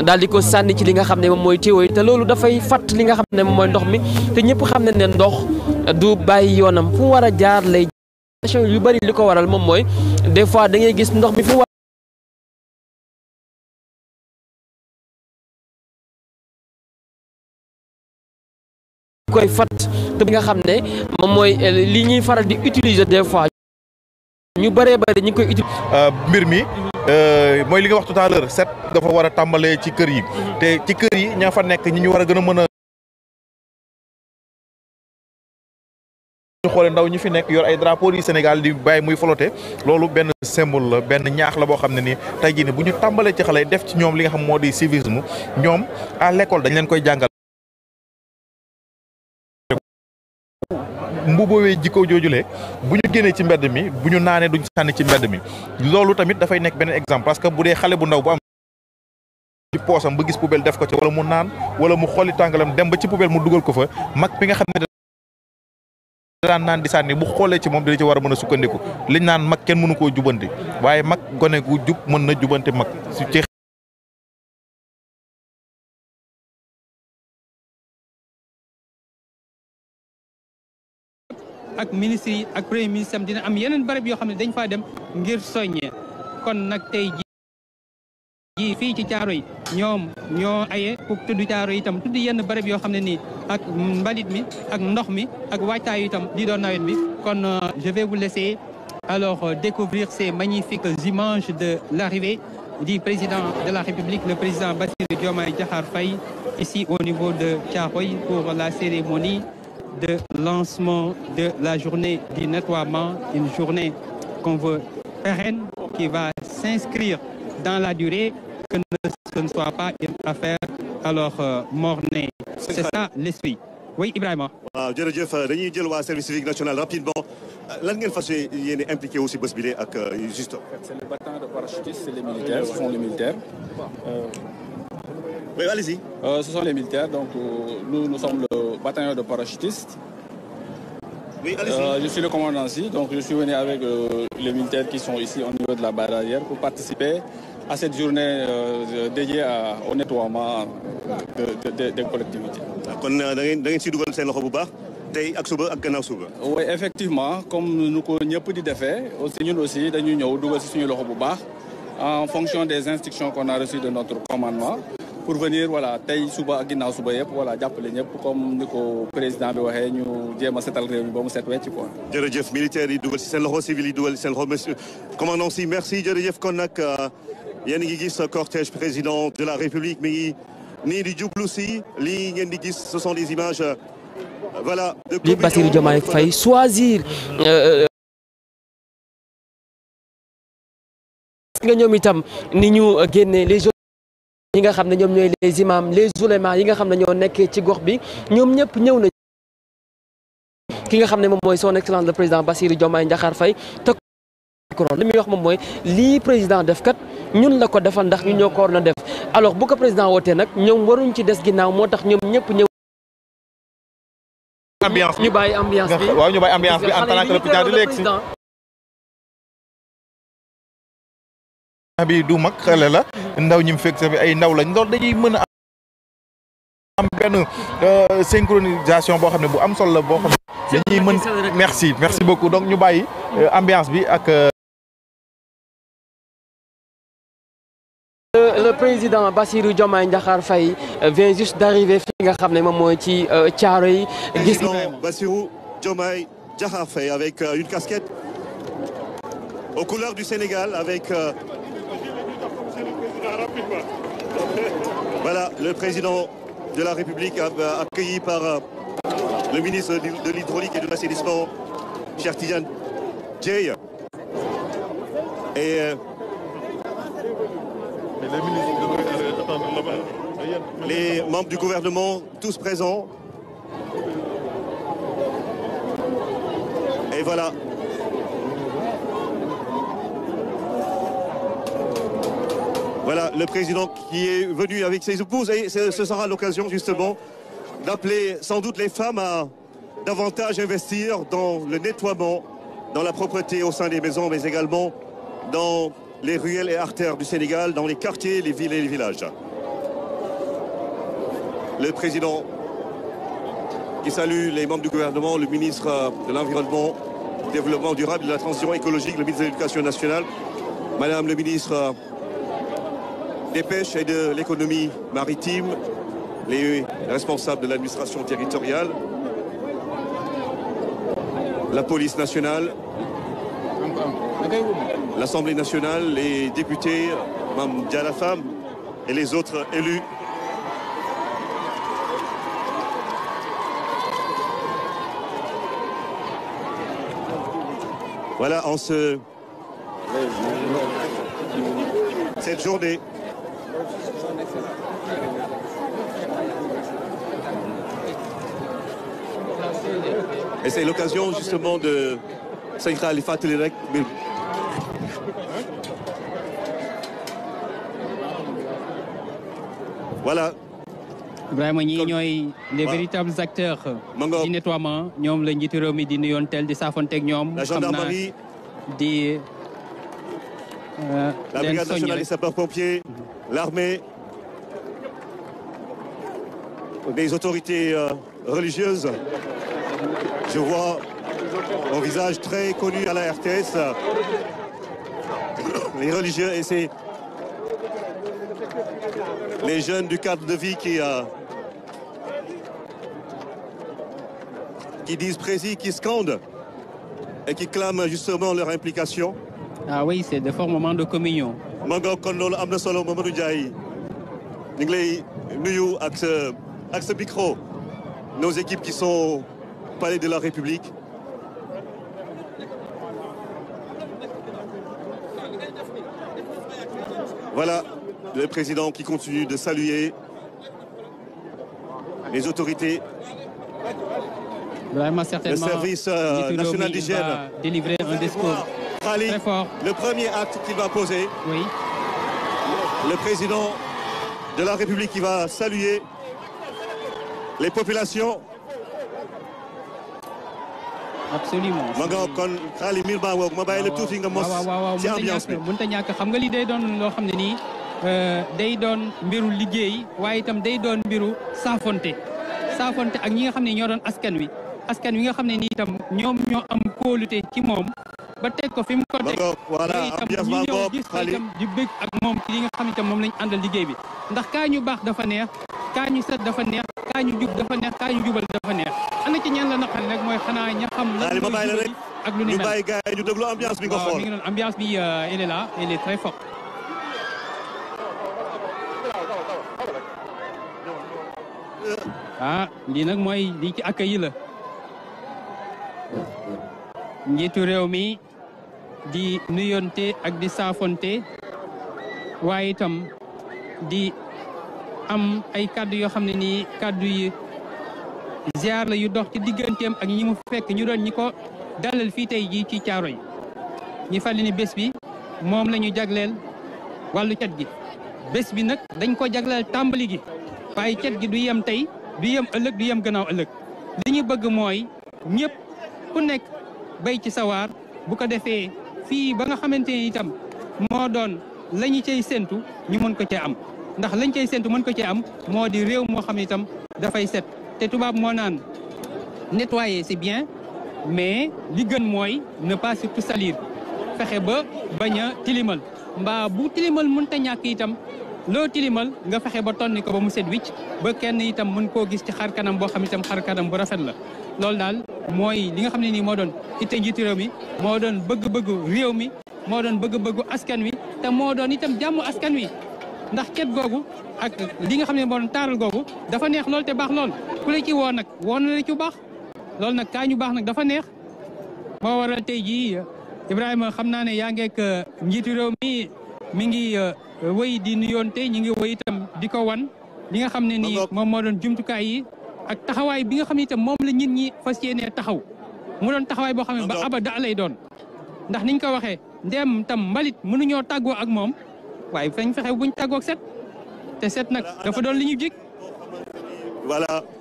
daal di ko sànni ci li nga xam ne moom mooy téewo te loolu dafay fàtt li nga xam ne moom mooy ndox mi te ñëpp xam ne ne ndox du bàyyi yoonam fu war a jaar lay station yu bari li ko waral moom mooy des fois da ngay gis ndox mi fu war koy fàtt te bi nga xam ne moom mooy li ñuy faral di utiliser des fois ñu bëree bëri ñu ngi koy utiliser euh, mbir mi Euh, mooy li nga wax tout à set dafa war a tàmbalee ci kër yi mhm. te ci kër yi ña fa nekk ñi ñu war a gën a mën a ñu xoolee ndaw ñi fi nekk yor ay drapeau du Sénégal di bàyyi muy flotté loolu benn symbole la benn ñaax la boo xam ne nii tey jii ne bu ñu tàmbalee ci xale def ci ñoom li nga xam moo di civisme ñoom à l'école dañ leen koy jàngal mbuboowee jooju le bu ñu génnee ci mbedd mi bu ñu naanee duñ sànni ci mbedd mi loolu tamit dafay nekk beneen exemple parce que bu dee xale bu ndaw bu am ci poosam ba gis poubelle def ko ci wala mu naan wala mu xoli tàngalam dem ba ci poubelle mu dugal ko fa mag bi nga xam ne daan naan di sànni bu xoolee ci moom dina ci war a mën a sukkandiku liñ naan mag kenn mënu koo jubanti waaye mag gone gu jub mën na jubanti mag ministre yi ak premier ministre dina am yeneen barab yoo xam ne dañ faa dem ngir soññee kon nag tey ji fii ci caaro yi ñoom ñoo aye pour tudd caaro yi itam tudd yenn barab yoo xam ne ni ak mbalit mi ak ndox mi ak waajtaayu itam di doon nawet bi kon euh, je vais vous laisser alors euh, découvrir ces magnifiques images de l'arrivée di président de la République, le président Bassirou Diomaye Diakhar fay ici au niveau de Thiaroye pour la cérémonie de lancement de la journée du nettoiement, une journée qu'on veut pérenne, qui va s'inscrire dans la durée, que ce ne soit pas une affaire alors euh, mornée. C'est ça l'esprit. oui Ibrahima. waaw jërëjëf dañuy jël waa service civique national rapidement euh, lan ngeen fas yéene impliqué aussi bés bi euh, de ak juste. c'est les battants de parachutistes, c'est les militaires, font les militaires. Euh, Oui, allez-y. Euh, donc euh, nous, nous sommes de parachutistes. Oui, allez-y. Euh, je suis commandant ici, donc je suis venu avec euh, les militaires qui sont ici au niveau de la barrière pour participer à cette journée euh, dédiée à, au nettoiement des de, de, de collectivités. Ah, kon da ngeen da ngeen siy dugal seen loxo bu baax. tey ak suba ak gannaaw suba. oui effectivement comme nu ko ñëpp di defee aussi ñun aussi dañuy ñëw dugal si suñu loxo bu baax en fonction des instructions qu'on a reçues de commandement. pour venir voilà tey suba ak ginnaaw suba yëpp voilà jàppale ñëpp comme ni ko président bi waxee ñu jéem a setal réew mi ba mu set wecc quoi. jërëjëf militaires yi dugal si seen loxo civil yi dugal merci jërëjëf kon nag euh, yéen ngi gis président de la république mi ngi nii di jublu si lii ngeen di gis ce sont des images euh, voilà. li Bassirou Diomaye Faye choisir. Euh, ñi nga xam ne ñoom ñooy les imams les oulémas yi nga xam ne ñoo nekkee ci gox bi ñoom ñëpp ñëw na ki nga xam ne moom mooy son excellence le président Bassirou Diomaye njaxaar Faye teg ko li muy wax moom mooy lii président def kat ñun la ko defal ndax ñu ñoo ko war na def alors bu ko président wootee nag ñoom waruñ ci des ginnaaw moo tax ñoom ñëpp ñëw. ambiance ñu ñu bàyyi ambiance bi en tant que le président di léegi bi du mag la ndaw ñi mu fekk sa fi ay ndaw lañ loolu dañuy mën a euh, boo xam ne bu am solo la boo mën merci merci beaucoup donc ñu bàyyi euh, ambiance bi ak euh, le président Bassirou Diomaye Diakhar Faye vient juste d'arriver fi nga xam ne moom mooy ci caaro yi gis Bassirou avec une casquette aux couleurs du Sénégal avec Voilà, le président de la République accueilli par euh, le ministre de l'Hydraulique et de l'Assainissement, cher Tidiane Dieye. Et euh, les membres du gouvernement, tous présents. Et voilà. le président qui est venu avec ses épouses. Et ce sera l'occasion justement d'appeler sans doute les femmes à davantage investir dans le nettoiement, dans la propreté au sein des maisons, mais également dans les ruelles et artères du Sénégal, dans les quartiers, les villes et les villages. Le président qui salue les membres du gouvernement, le ministre de l'Environnement, du Développement durable et de la Transition écologique, le ministre de l'Éducation des pêches et de l'économie maritime, les responsables de l'administration territoriale, la police nationale, l'Assemblée nationale, les députés, Mme Dialafam et les autres élus. Voilà, en ce... cette journée Et c'est l'occasion justement de Sëñ Khalifa Tëli rek mbir voilà. Ibrahima ñii les véritables acteurs. di nettoiement ñoom la njiitu réew mi di nuyoon di saafonteeg ñoom. la gendarmerie di. la euh, brigade nationale des sapeurs-pompiers. l'armée des autorités euh, religieuses. Je vois mon visage très connu à la RTS. Les religieux et c'est les jeunes du cadre de vie qui, euh, qui disent précis, qui scandent et qui clament justement leur implication. Ah oui, c'est des forts moments de solo nuyu ak sa nos équipes qui sont palais de la République. Voilà le président qui continue de saluer les autorités. le service euh, national d'hygiène Le premier acte qu'il va poser. Le président de la République qui va saluer les populations. absolument ma nga kon xaali mil baa ngoog ma bàyyi la tuuti nga mos ci ambiance bi mënut a ñàkk xam nga lii day doon loo xam ne nii euh, day doon mbiru liggéey waaye itam day doon mbiru saafonte saafonte ak ñi nga xam ne ñoo doon askan wi askan wi nga xam ne nii itam ñoom ñoo am kóolute ci moom ba teg ko fi mu ko teg voilà itam ñu ñëw gis itam di bëgg ak moom ci li nga xam ne itam moom lañ liggéey bi ndax kaa ñu baax dafa neex kaa ñu dafa neex kaa jub dafa neex kaa jubal dafa neex ana ci ñan la naqari rek mooy xanaa ña xam lan ak lu ni mel ñu bàyyi gars yi ambiance bi nga xool ngi noonu ambiance bi euh, elle est là elle ah lii mooy lii réew mi di nuyonte ak di saafonte waaye itam di am ay kàddu yoo xam ne nii kàddu yi ziar la yu dox ci digganteem ak ñi mu fekk ñu doon ñi ko dalal fii tey jii ci Caaroy ñi fàttali ni bés bi moom la ñu jagleel wàllu cet gi bés bi nag dañ ko jagleel tàmbali gi waaye cet gi du yem tey du yem ëllëg du yem gannaaw ëllëg li ñu bëgg mooy ñëpp ku nekk bay ci sawar bu ko defee fii ba nga xamante ni itam moo doon la ñu cay ñu mën ko cee am ndax lañ cay séntu mën ko ci am moo di réew moo xam itam dafay set te tubaab moo naan nettoyer c'est bien mais li gën mooy ne pas surtout salir fexe ba bañ a tilimal mbaa bu tilimal mënta ñàkk itam loo tilimal nga fexe ba tonni ko ba mu set wicc ba kenn itam mën koo gis ci xar kanam boo xam ne itam xar kanam bu rafet la loolu daal mooy li nga xam ne nii moo doon itte njiitu réew mi moo doon bëgg-bëggu réew mi moo doon bëgg-bëggu askan wi te moo doon itam jàmm askan wi ndax ket googu ak li nga xam ne moo taaral googu dafa neex te baax lool ku la woo nag woo na la ci baax loolu nag kaa ñu baax nag dafa neex moo waral tey jii Ibrahima xam naa ne yaa ngeek uh, njiitu réew mi mi ngi uh, wéy di nuyoon tey ñu ngi wéy di ko wan li nga xam ne nii moom moo doon jumtukaay yi ak taxawaay bi nga xam ne itam moom la nit ñi fas yéenee taxaw mu doon taxawaay boo xam ne ba abada lay doon ndax niñ ko waxee ndeem tam mbalit mënuñoo tàggoo ak moom waaye fañ fexe buñ tàggoog set te set nag dafa doon li ñu wala voilà